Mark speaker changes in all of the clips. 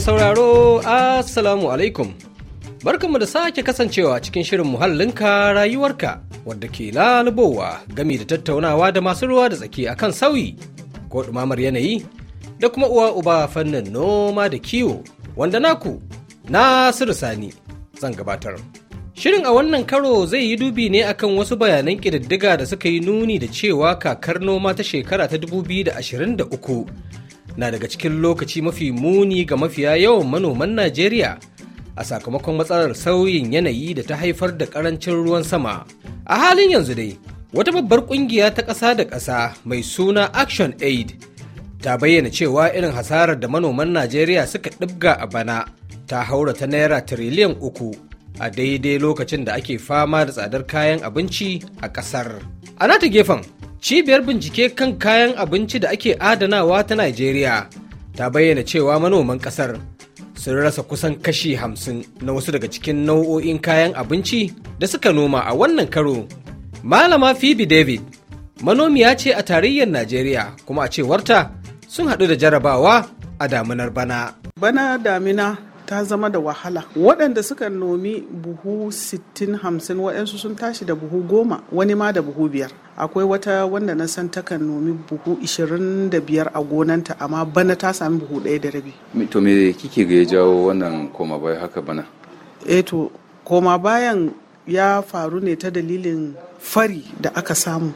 Speaker 1: mai sauraro Assalamu alaikum. Barkanmu da sake kasancewa cikin shirin muhallinka rayuwarka wadda ke lalubowa gami da tattaunawa da masu ruwa da tsaki akan sauyi ko ɗumamar yanayi da kuma uwa uba fannin noma da kiwo wanda naku Nasiru Sani zan gabatar. Shirin a wannan karo zai yi dubi ne akan wasu bayanan ƙididdiga da suka yi nuni da cewa kakar noma ta shekara ta 2023 na daga cikin lokaci mafi muni ga mafiya yawan manoman Najeriya a sakamakon matsalar sauyin yanayi da ta haifar da karancin ruwan sama. A halin yanzu dai, wata babbar kungiya ta ƙasa da ƙasa mai suna Action Aid ta bayyana cewa irin hasarar da manoman Najeriya suka ɗibga a bana ta haura ta naira tiriliyan uku a daidai lokacin da ake fama da tsadar kayan abinci a ƙasar. A nata gefen, Cibiyar bincike kan kayan abinci da ake adanawa ta Najeriya ta bayyana cewa manoman ƙasar sun rasa kusan kashi hamsin na wasu daga cikin nau'o'in kayan abinci da suka noma a wannan karo. Malama Phoebe David manomiya ce a tarayyar Najeriya kuma a cewarta sun haɗu da jarabawa a daminar bana. Bana damina ta zama da wahala waɗanda suka
Speaker 2: nomi buhu 60-50 waɗansu sun tashi da buhu goma wani ma da buhu biyar akwai wata wanda na san ta kan nomi buhu 25 a gonanta amma bana ta sami buhu ɗaya da rabi
Speaker 3: to me kike ga ya jawo wannan koma bai haka bana
Speaker 2: eh to koma bayan ya faru ne ta dalilin fari da aka samu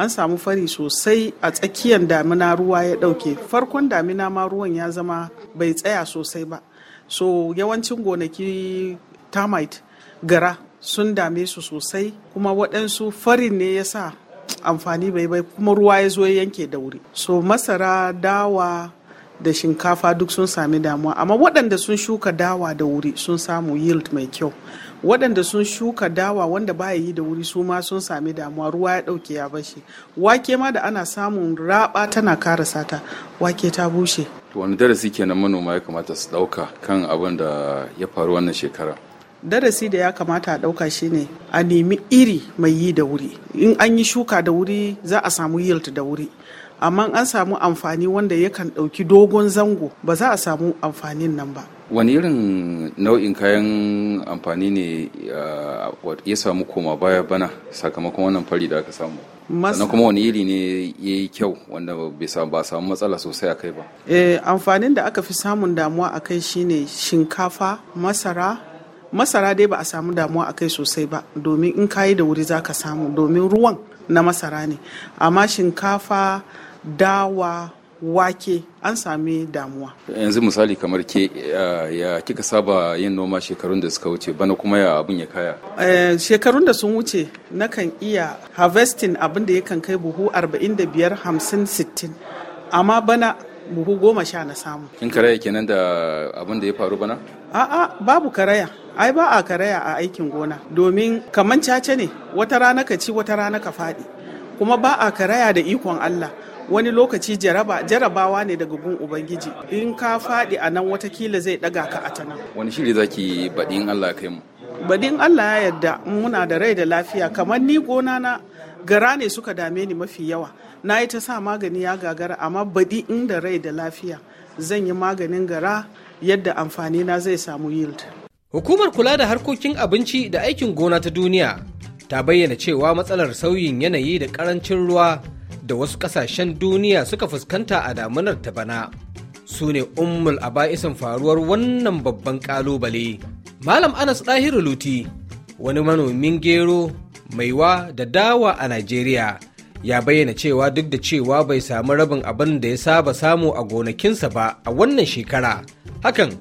Speaker 2: an samu fari sosai a tsakiyar damina ruwa ya dauke farkon damina ma ruwan ya zama bai tsaya sosai ba so yawancin gonaki termite gara sun dame su sosai kuma waɗansu farin ne ya sa amfani bai bai kuma ruwa ya zo ya yanke da wuri so masara dawa da shinkafa duk sun sami damuwa amma waɗanda sun shuka dawa da wuri sun samu yield mai kyau waɗanda sun shuka dawa wanda baya yi da wuri su ma sun sami damuwa ruwa ya ɗauke ya bashi wake ma da ana samun raba tana kara sata wake ta bushe
Speaker 3: wani darasi kenan manoma ya kamata su ɗauka kan abin da ya faru wannan shekara
Speaker 2: darasi da ya kamata a ɗauka shine a nemi iri mai yi da wuri in an yi shuka da wuri za a samu yield da wuri amma an samu amfani wanda yakan ɗauki dogon zango ba za a samu amfanin nan ba
Speaker 3: wani irin nau'in kayan amfani ne ah, ya samu koma baya bana sakamakon wannan fari da aka samu sannan kuma wani iri ne ya yi kyau wanda ba samu matsala sosai a kai ba
Speaker 2: eh, amfanin da aka fi samun damuwa a kai shine shinkafa masara masara dai ba a samu damuwa a kai sosai ba domin in kayi da wuri za ka samu domin ruwan na masara ne amma shinkafa dawa wake an sami damuwa.
Speaker 3: Yanzu misali kamar ke ya kika saba yin noma shekarun da suka wuce bana kuma ya abin ya kaya?
Speaker 2: Eh, shekarun da sun wuce na kan iya harvesting abin da yakan kai buhu 45 50 60 amma bana buhu goma sha na samu.
Speaker 3: Kin karaya kenan da abin da ya faru bana?
Speaker 2: A'a babu karaya. Ai ba a karaya a aikin gona domin kamar caca ne wata rana ka ci wata rana ka faɗi kuma ba a karaya da ikon Allah. wani lokaci jaraba jarabawa ne daga gun ubangiji in ka faɗi a nan watakila zai ɗaga ka a ta nan
Speaker 3: wani shiri baɗi baɗin allah kai mu
Speaker 2: baɗin allah ya yarda muna da rai da lafiya kamar ni gona na gara ne suka dame ni mafi yawa na yi ta sa magani ya gagara amma baɗi inda rai da lafiya zan yi maganin gara yadda amfani na zai samu yield
Speaker 1: hukumar kula da harkokin abinci da aikin gona ta duniya ta bayyana cewa matsalar sauyin yanayi da karancin ruwa da wasu kasashen duniya suka fuskanta a damunar ta bana su ne ummul ba'isan faruwar wannan babban kalubale malam anas ɗahiru luti wani manomin gero maiwa da dawa a najeriya ya bayyana cewa duk da cewa bai samu rabin abin da ya saba samu a gonakinsa ba a wannan shekara hakan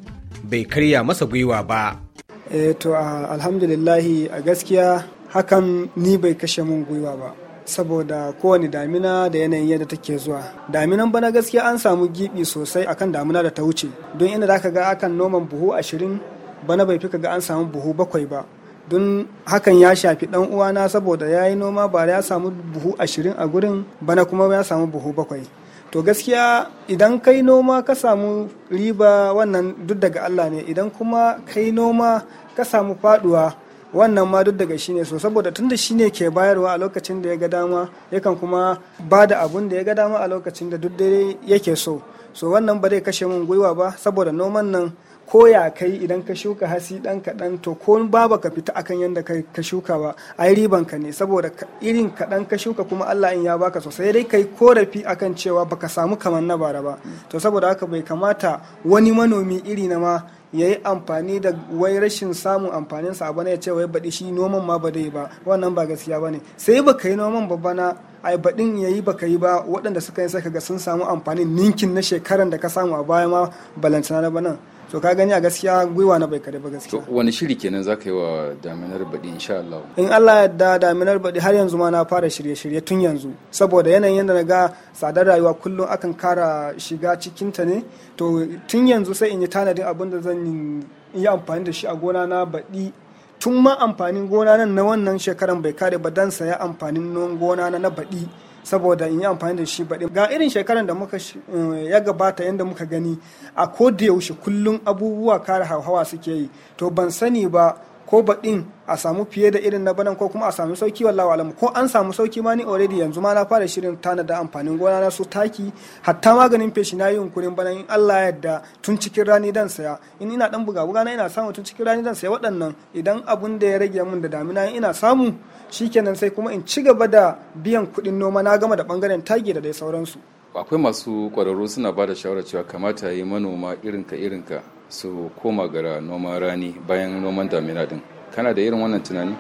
Speaker 1: bai karya masa gwiwa ba
Speaker 4: E, to alhamdulillahi a gaskiya hakan ni bai kashe mun gwiwa ba saboda kowane damina da yanayin yadda take zuwa daminan bana gaskiya an samu gibi sosai akan damina da ta wuce don inda zaka ga akan noman buhu ashirin bana bai fi ga an samu buhu bakwai ba don hakan ya shafi dan uwana saboda ya yi noma ba ya samu buhu ashirin a gurin bana kuma ya samu buhu bakwai to gaskiya idan kai noma ka samu riba wannan duk daga Allah ne idan kuma kai noma ka samu faduwa wannan ma duk daga shi ne so saboda tunda shi ne ke bayarwa a lokacin da ya ga dama yakan kuma ba da abun da ya ga dama a lokacin da duk dare yake so so wannan ba zai kashe min gwiwa ba saboda noman nan ko ya kai idan ka shuka hasi dan kaɗan to ko ba ka fita akan yadda ka shuka ba ai riban ka ne saboda irin kaɗan ka shuka kuma Allah in ya baka sosai dai kai korafi akan cewa baka samu kamar na bara ba to saboda haka bai kamata wani manomi iri na ma ya yi amfani da wai rashin samun amfanin sa bana ya ce wai baɗi shi noman ma ba dai ba wannan ba gaskiya ba ne sai baka yi noman ba bana ai baɗin ya yi baka yi ba waɗanda suka yi saka ga sun samu amfanin ninkin na shekaran da ka samu a baya ma balantana na banan so ka gani a gaskiya gwiwa na bai kare ba gaskiya
Speaker 3: wani shiri kenan za ka yi wa daminar baɗi insha Allah
Speaker 4: in Allah da daminar baɗi har yanzu ma na fara shirye-shirye tun yanzu saboda yanayin yadda na ga tsadar rayuwa kullum akan kara shiga cikin ta ne to tun yanzu sai in yi tanadin abin da zan yi amfani da shi a gona na baɗi tun ma amfanin gona nan na wannan shekaran bai kare ba dan saya amfanin gona na baɗi saboda in yi amfani da shi baɗi ga irin shekaran da muka eh, ya gabata yadda muka gani a koda yaushe kullum abubuwa kare hauhawa suke yi to ban sani ba ko baɗin a samu fiye da irin na banan ko kuma a samu sauki wallahu alamu ko an samu sauki ma ni already yanzu ma na fara shirin tanada amfanin gona na su taki hatta maganin feshi na yi yunkurin banan in Allah ya yarda tun cikin rani dan saya in ina dan buga buga na ina samu tun cikin rani dan saya waɗannan idan abun da ya rage min da damina ina samu shikenan sai kuma in ci gaba da biyan kuɗin noma na gama da bangaren taki da dai sauransu.
Speaker 3: akwai masu kwararru suna ba da shawarar cewa kamata yi manoma irinka irinka su koma gara noman rani bayan noman damina din kana da irin wannan tunani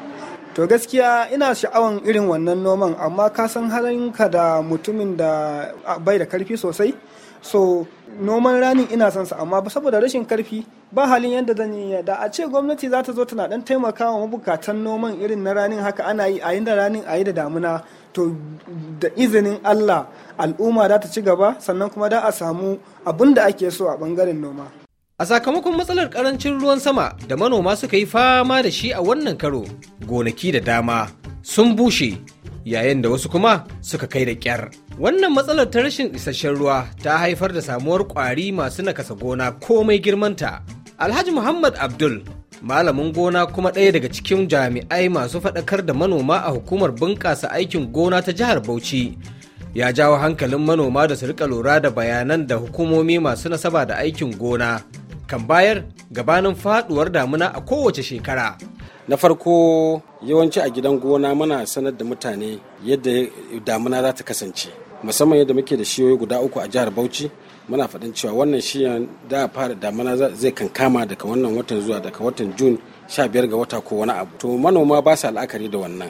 Speaker 4: to gaskiya ina sha'awan irin wannan noman amma ka san halinka da mutumin da bai da karfi sosai so noman ranin ina son sa amma saboda rashin karfi ba halin yadda zan yi da a ce gwamnati za ta zo tana dan taimaka wa mabukatan noman irin na ranin haka ana yi a yi da ranin a yi da damuna to da izinin Allah al'umma za ta ci gaba sannan kuma da a samu abin da ake so a bangaren noma.
Speaker 1: A sakamakon matsalar karancin ruwan sama da manoma suka yi fama da shi a wannan karo gonaki da dama sun bushe yayin da wasu kuma suka kai da ƙyar. Wannan matsalar ta rashin isasshen ruwa ta haifar da samuwar ƙwari masu nakasa gona komai girmanta Alhaji Muhammad Abdul malamin gona kuma ɗaya daga cikin jami'ai masu faɗakar da manoma a hukumar bunƙasa aikin gona ta jihar Bauchi ya jawo hankalin manoma da su rika lura da bayanan da hukumomi masu nasaba da aikin gona kan bayar gabanin faɗuwar damuna a kowace shekara.
Speaker 5: Na farko yawanci a gidan gona muna sanar da mutane yadda damuna za ta kasance musamman yadda muke da shiyoyi guda uku a jihar Bauchi muna faɗin cewa wannan shi da fara damana zai kan kama daga wannan watan zuwa daga watan jun sha biyar ga wata ko wani abu to manoma ba sa la'akari da wannan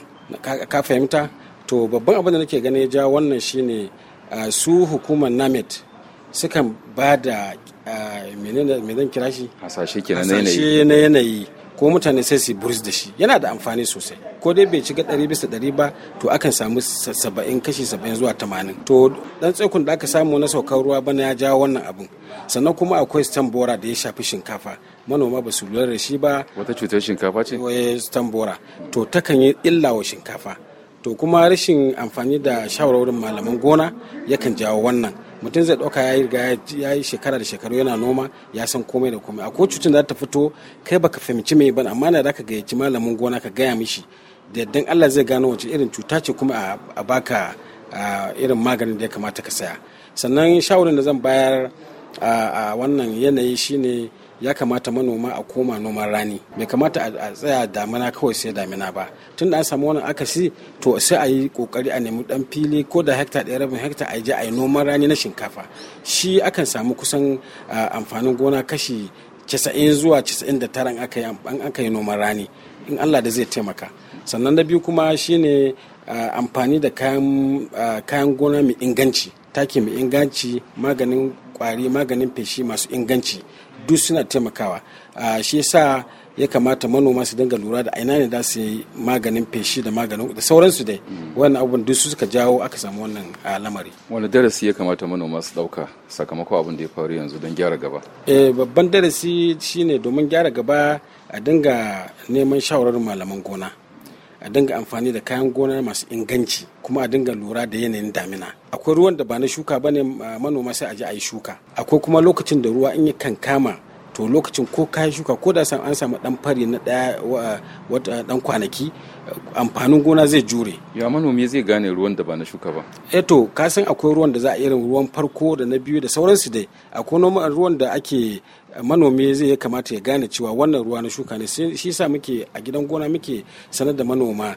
Speaker 5: ka fahimta to babban abin da nake gani ya ja wannan shine su hukumar namet sukan ba da menene kira shi hasashe na yanayi ko mutane sai su buris da shi yana da amfani sosai ko dai bai shiga ɗari bisa ɗari ba to akan samu saba'in kashi saba'in zuwa tamanin to ɗan tsaikun da aka samu na saukar ruwa bana ya jawo wannan abun sannan kuma akwai stambora da ya shafi shinkafa manoma ba su lura da shi ba wata cutar shinkafa ce stambora to takan yi illa wa shinkafa to kuma rashin amfani da shawarwarin malaman gona yakan jawo wannan mutum zai ɗauka ya riga ya yi shekara da shekaru yana noma ya san komai da komai akwai cutar da ta fito kai baka fahimci mai ban amma na da ka gayyaci malamin gona ka gaya mishi da yaddan Allah zai gano wace irin cuta ce kuma a baka irin maganin da ya kamata ka saya sannan shawarin da zan bayar a wannan yanayi shine ya kamata manoma a koma noman rani bai kamata a tsaya damina kawai sai damina ba tun da an samu wannan akasi to sai a yi kokari a nemi dan fili ko da hekta ɗaya rabin hekta a je a yi noman rani na shinkafa shi akan samu kusan amfanin gona kashi casa'in zuwa 99 tara yi aka yi noman rani in Allah da zai taimaka sannan na biyu kuma shine amfani da kayan gona mai inganci taki mai inganci maganin kwari maganin feshi masu inganci duk suna taimakawa shi yasa ya kamata manoma su dinga lura da aina ne da su yi maganin feshi da maganin da sauransu dai wannan abun duk su suka jawo aka samu wannan lamari
Speaker 3: wani darasi ya kamata manoma su dauka sakamakon abin da ya faru yanzu don gyara gaba
Speaker 5: eh babban darasi shine domin gyara gaba a dinga neman shawarar malaman gona a dinga amfani da kayan gona masu inganci kuma a dinga lura da yanayin damina akwai ruwan da ba na shuka ba ne manoma sai a je a yi shuka akwai kuma lokacin da ruwa in ya kankama to lokacin ko kayan shuka ko da an samu dan fari na daya wata dan kwanaki amfanin gona zai jure
Speaker 3: ya manomi zai gane ruwan da ba na shuka ba
Speaker 5: eh to ka san akwai ruwan da za a irin ruwan farko da na biyu da sauransu dai akwai ruwan da ake manomi zai ya kamata ya gane cewa wannan ruwa na shuka ne shi sa muke a gidan gona muke sanar da manoma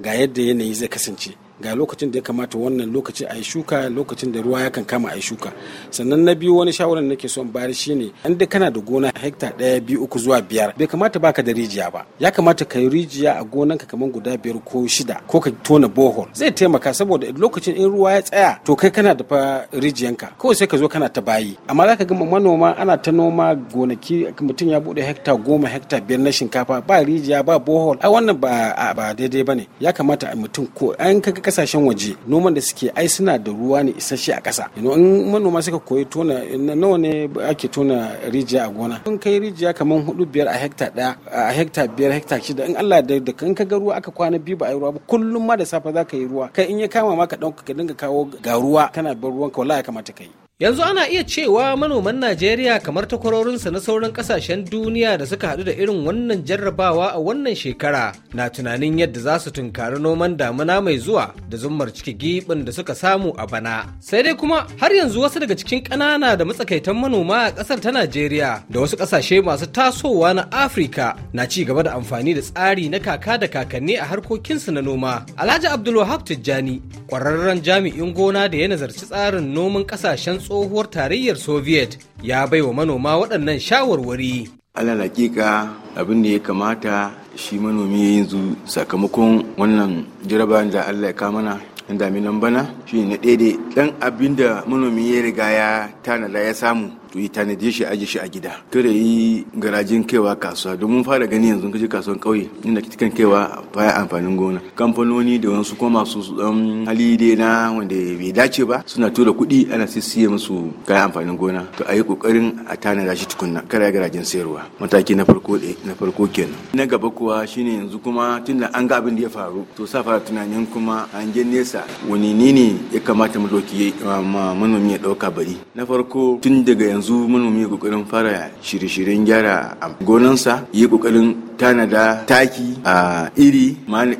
Speaker 5: ga yadda yanayi zai kasance ga lokacin da ya kamata wannan lokaci a yi shuka lokacin da ruwa kan kama a yi shuka sannan na biyu wani shawarar nake son bayar ne an da kana da gona hekta ɗaya biyu uku zuwa biyar bai kamata baka da rijiya ba ya kamata ka yi rijiya a gonanka kamar guda biyar ko shida ko ka tona bohol zai taimaka saboda lokacin in ruwa ya tsaya to kai kana da fa rijiyanka kawai sai ka zo kana ta bayi amma zaka ka ga manoma ana ta noma gonaki mutum ya bude hekta goma hekta biyar na shinkafa ba rijiya ba bohol a wannan ba daidai ba ne ya kamata mutum ko an kaga kasashen waje noman da suke ai suna da ruwa ne isasshe a ƙasa in manoma suka koyi tona nawa ne ake tona rijiya a gona in kai rijiya kamar hudu biyar a hekta daya a hekta biyar hekta shida in Allah da da kan ka ga ruwa aka kwana biyu ba a yi ruwa ba kullum ma da safe za ka yi ruwa kai in ya kama
Speaker 1: ma ka dauka ka dinga kawo ga ruwa kana bar ruwan ka wallahi ya kamata ka yi yanzu ana iya cewa manoman najeriya kamar takwarorinsa na sauran kasashen duniya da suka haɗu da irin wannan jarrabawa a wannan shekara na tunanin yadda za su tunkari noman damuna mai zuwa da zummar ciki giɓin da suka samu a bana sai dai kuma har yanzu wasu daga cikin ƙanana da matsakaitan manoma a ƙasar ta najeriya da wasu ƙasashe masu tasowa na afirka na ci gaba da amfani da tsari na kaka da kakanni a harkokinsu na noma alhaji abdulwahab tijjani ƙwararren jami'in gona da ya nazarci tsarin noman ƙasashen tsohuwar tarayyar soviet ya bai wa manoma waɗannan shawarwari
Speaker 6: alal hakika abin da ya kamata shi manomi yanzu sakamakon wannan jarabawan da allah ya kamana nan bana shi na ɗaya ɗan abin da manomi ya riga ya tanada ya samu to yi tanaje shi aje shi a gida kare yi garajin kaiwa kasuwa domin fara gani yanzu kaje kasuwan kauye inda kitikan kaiwa baya amfanin gona kamfanoni da wasu kuma masu dan um, hali dai na wanda bai dace ba suna tura kuɗi ana sissiye musu kayan amfanin gona to a yi kokarin a tanada shi tukunna kare garajin sayarwa mataki na farko na farko kenan na gaba kuwa shine yanzu kuma tunda an ga abin da ya faru to sa fara tunanin kuma an je nesa wani ne ya kamata mu doki um, manomi ya dauka bari na farko tun daga yanzu yanzu manomi ya kokarin fara shirye-shiryen gyara a gonansa ya kokarin tanada taki a iri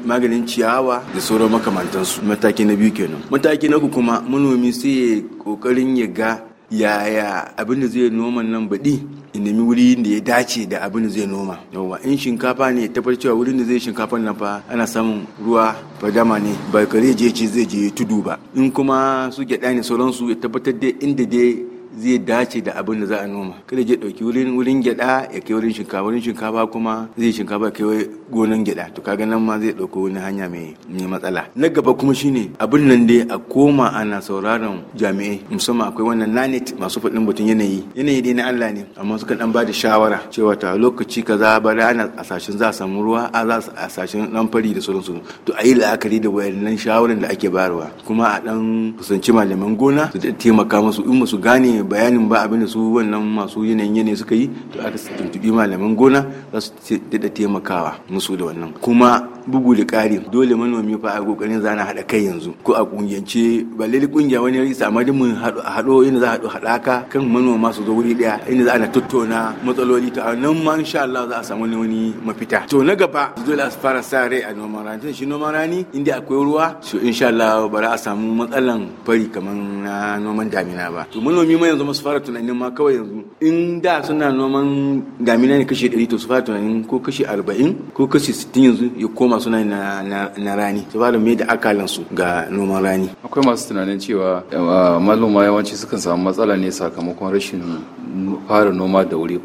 Speaker 6: maganin ciyawa da sauran makamantansu mataki na biyu kenan mataki na uku kuma manomi sai ya kokarin ya ga yaya abin da zai noma nan baɗi in nemi wuri da ya dace da abin da zai noma yawwa in shinkafa ne tabbatar cewa wurin da zai shinkafa nan fa ana samun ruwa fadama ne ba kare je ce zai je tudu ba in kuma su gyaɗa ne sauransu ya tabbatar da inda dai zai dace da abin da za a noma kada je dauki wurin wurin gyada ya kai wurin shinkafa wurin shinkafa kuma zai shinkafa kai gonan gyada to kaga nan ma zai dauko wani hanya mai matsala na gaba kuma shine abin nan dai a koma ana sauraron jami'ai musamman akwai wannan nanit masu faɗin batun yanayi yanayi dai na Allah ne amma suka dan bada shawara cewa ta lokaci kaza bara ana asashin za a samu ruwa a za a asashin dan fari da sauransu to a yi la'akari da wayannan shawaran da ake bayarwa kuma a dan kusanci malaman gona su taimaka musu in musu gane bayanin ba da su wannan masu yanayin yanayi suka yi to aka tuntubi malaman gona za su daɗa taimakawa musu da wannan kuma bugu da ƙari dole manomi fa a kokarin zana haɗa kai yanzu ko a kungiyance ba lalle kungiya wani ya isa amma duk mun haɗo inda za a haɗu haɗaka kan manoma su zo wuri ɗaya inda za a tattauna matsaloli ta nan ma insha Allah za a samu wani mafita to na gaba dole a fara sa rai a noman rani shi noman rani inda akwai ruwa to insha Allah ba za a samu matsalan fari kamar na noman damina ba to manomi ma yanzu su fara tunanin ma kawai yanzu in da suna noman damina ne kashi 100 to su fara tunanin ko kashi 40 ko kashi 60 yanzu ya koma masu nan na rani su fara mai da akalansu ga noman rani akwai masu tunanin cewa
Speaker 3: eh, manoma yawanci sukan samu matsala ne sakamakon rashin fara noma da wuri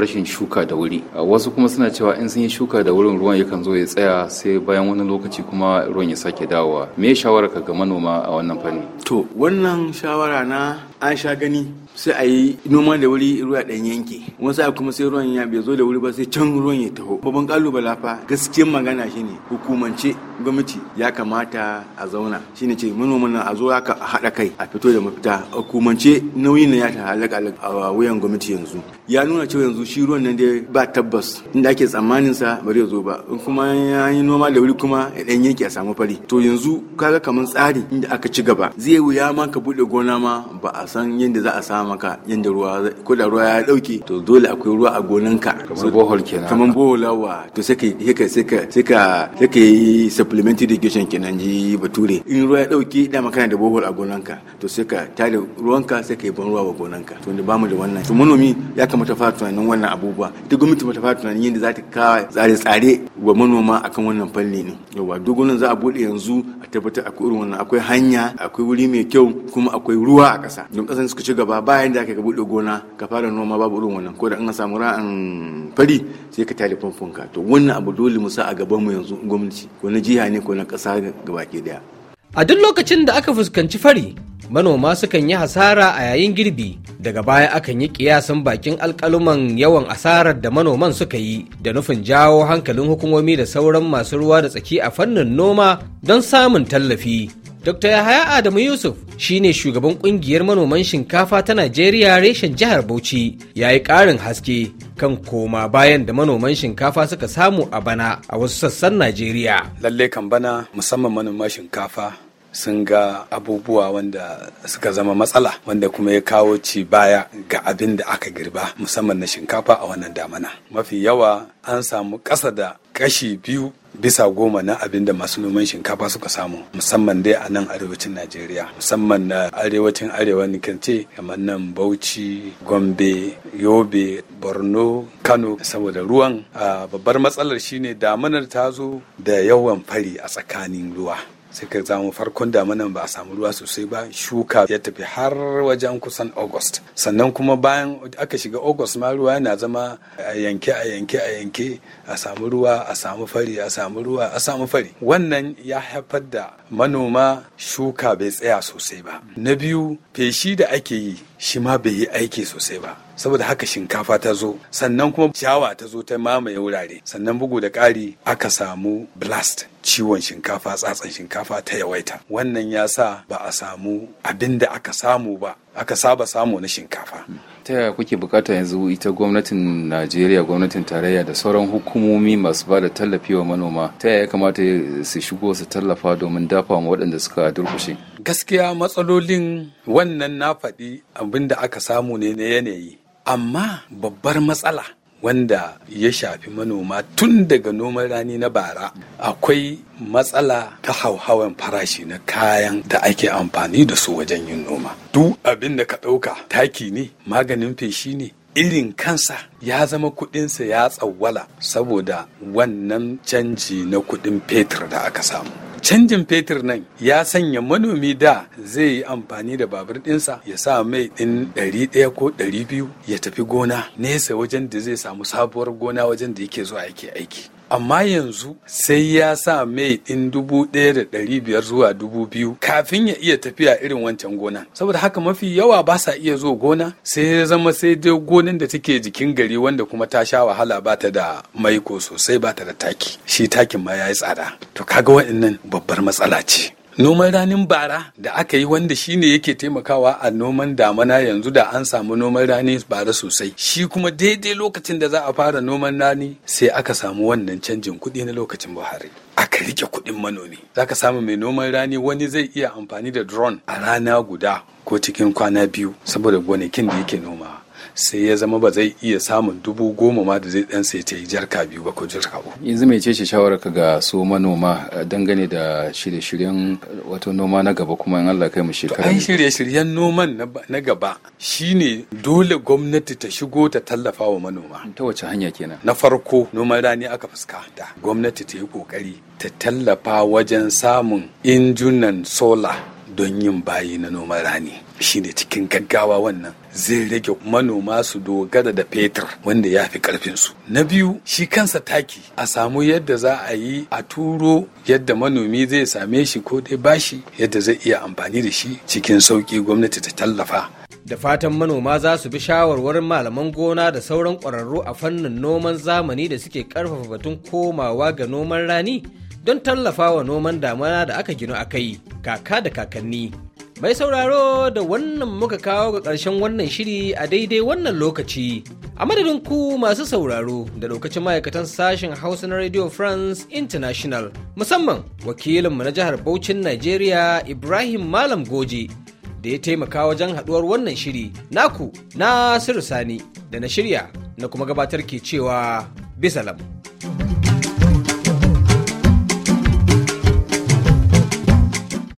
Speaker 3: rashin shuka da wuri wasu kuma suna cewa in sun yi shuka da wurin ruwan yakan zo ya tsaya sai bayan wani lokaci kuma ruwan ya sake dawowa me shawara ka ga manoma a wannan fanni
Speaker 6: to wannan shawara na an sha gani sai a yi noma da wuri ruwa dan yanke wani sa'a kuma sai ruwan ya bai zo da wuri ba sai can ruwan ya taho babban kalubala fa gaskiyar magana shine hukumance gwamnati ya kamata a zauna shine ce manoman nan a zo haka a haɗa kai a fito da mafita hukumance nauyin na ya ta halaka a wuyan gwamnati yanzu ya nuna cewa yanzu shi ruwan nan dai ba tabbas inda ake tsammanin sa bari ya zo ba in kuma ya yi noma da wuri kuma ya dan yanke a samu fari to yanzu kaga kamar tsari inda aka ci gaba zai wuya ma ka bude gona ma ba a san yadda za a sa maka yadda ruwa ko da ruwa ya dauke to dole akwai ruwa a gonanka kamar bohol kenan kamar bohol wa to sai ka sai ka sai ka sai ka yi supplementary irrigation kenan ji bature in ruwa ya dauke dama kana da bohol a gonanka to sai ka tada ruwanka sai ka yi ban ruwa wa gonanka to ba mu da wannan to manomi ya kamata mu ta fara tunanin wannan abubuwa ita gwamnati mu ta fara tunanin yadda za ta kawo tsare-tsare wa manoma akan wannan fanni ne yawa dogonan za a bude yanzu a tabbatar akwai irin wannan akwai hanya akwai wuri mai kyau kuma akwai ruwa a ƙasa don ƙasan suka ci gaba bayan da aka buɗe gona ka fara noma babu irin wannan ko da an samu ra'an fari sai ka tare famfonka to wannan abu dole mu sa a gaban mu yanzu gwamnati ko na jiha ne ko na ƙasa gabaki daya A duk
Speaker 1: lokacin da aka fuskanci fari, manoma sukan yi hasara a yayin girbi, daga baya akan yi kiyasan bakin alkaluman yawan asarar da manoman suka yi, da nufin jawo hankalin hukumomi da sauran masu ruwa da tsaki a fannin noma don samun tallafi. Dr. Yahaya Adamu Yusuf shi ne shugaban kungiyar manoman shinkafa ta Najeriya reshen jihar Bauchi ya yi ƙarin haske kan koma bayan da manoman shinkafa suka samu a bana a wasu sassan Najeriya. Lalle kan bana
Speaker 7: musamman manoman shinkafa sun ga abubuwa wanda suka zama matsala wanda kuma ya kawo ci baya ga abin da aka girba musamman na shinkafa a wannan damana mafi yawa an samu ƙasa da kashi biyu bisa goma na abin da masu noman shinkafa suka samu musamman dai a nan arewacin najeriya musamman na arewacin arewa nikance kamar nan bauchi gombe yobe borno kano saboda ruwan babbar matsalar shine damanar ta zo da yawan fari a tsakanin ruwa sai ka zamu farkon damanan ba a samu ruwa sosai ba shuka ya tafi har wajen kusan august sannan kuma bayan aka shiga august ma ruwa yana zama a yanke a yanke a yanke a samu ruwa a samu fari a samu ruwa a samu fari wannan ya haifar da manoma shuka bai tsaya sosai ba na biyu feshi da ake yi shi ma bai yi aiki sosai ba saboda haka shinkafa ta zo sannan kuma ciyawa ta zo ta mamaye wurare sannan bugu da ƙari aka samu blast ciwon shinkafa tsatsan shinkafa ta yawaita wannan ya sa ba a samu abin da aka samu ba aka saba samu na shinkafa.
Speaker 3: ta yaya kuke bukata yanzu ita gwamnatin najeriya gwamnatin tarayya da sauran hukumomi masu ba da tallafi wa manoma ta yaya kamata su shigo su tallafa domin dafa wa waɗanda suka durkushe
Speaker 7: gaskiya matsalolin wannan na faɗi abinda aka samu ne na yanayi amma babbar matsala wanda ya shafi manoma tun daga noman rani na bara akwai matsala ta hauhawan farashi na kayan da ake amfani da su wajen yin noma duk abin da ka ɗauka taki ne maganin feshi ne irin kansa ya zama kudinsa ya tsawwala saboda wannan canji na kudin fetur da aka samu canjin fetur nan ya sanya manomi da zai yi amfani da babur ɗinsa ya sa mai ɗin ɗari ɗaya ko ɗari biyu ya tafi gona nesa wajen da zai samu sabuwar gona wajen da yake zuwa yake aiki amma yanzu sai ya sa mai ɗin dubu ɗaya da ɗari biyar zuwa dubu biyu kafin ya iya tafiya irin wancan gona saboda haka mafi yawa ba sa iya zo gona sai ya zama sai dai gonan da take jikin gari wanda kuma ta sha wahala ba ta da maiko sosai ba ta da taki shi takin ma ya yi tsada to kaga waɗannan babbar matsala ce noman ranin bara da aka yi wanda shi ne yake taimakawa a noman damana yanzu da an samu noman rani bara sosai shi kuma daidai lokacin da za a fara noman rani sai aka samu wannan canjin kuɗi na lokacin buhari aka rike kuɗin manomi Za ka samu mai noman rani wani zai iya amfani da drone a rana guda ko cikin kwana biyu saboda gonakin da yake nomawa sai ya zama ba zai iya samun dubu goma ma da zai dan sai ta yi jarka biyu ba ko jarka uku
Speaker 3: yanzu mai cece ka ga su manoma eh, dangane da shirye-shiryen eh, wato noma na gaba kuma in Allah kai mu shekara an
Speaker 7: shirye-shiryen noman na gaba shine dole gwamnati ta shigo ta tallafa wa manoma ta wace hanya kenan na farko noman rani aka fuskanta gwamnati ta yi kokari ta tallafa wajen samun injunan sola don yin bayi na noman rani shine cikin gaggawa wannan zai rage manoma su dogara da fetur wanda ya fi karfinsu na biyu shi kansa taki a samu yadda za a yi a turo yadda manomi zai same shi ko dai bashi yadda zai iya amfani da shi cikin sauki gwamnati ta tallafa
Speaker 1: da fatan manoma za su bi shawarwarin malaman gona da sauran ƙwararru a fannin noman zamani da suke ƙarfafa batun komawa ga noman rani don tallafawa noman damana da aka gino a kai kaka da kakanni. Mai sauraro da wannan muka kawo ga ƙarshen wannan shiri a daidai wannan lokaci. A madadin ku masu sauraro da lokacin ma'aikatan sashen Hausa na Radio France International, musamman wakilinmu na jihar Bauchin Najeriya Ibrahim Malam Goje da ya taimaka wajen haɗuwar wannan shiri naku na Sani da na shirya na kuma gabatar ke cewa bisalam.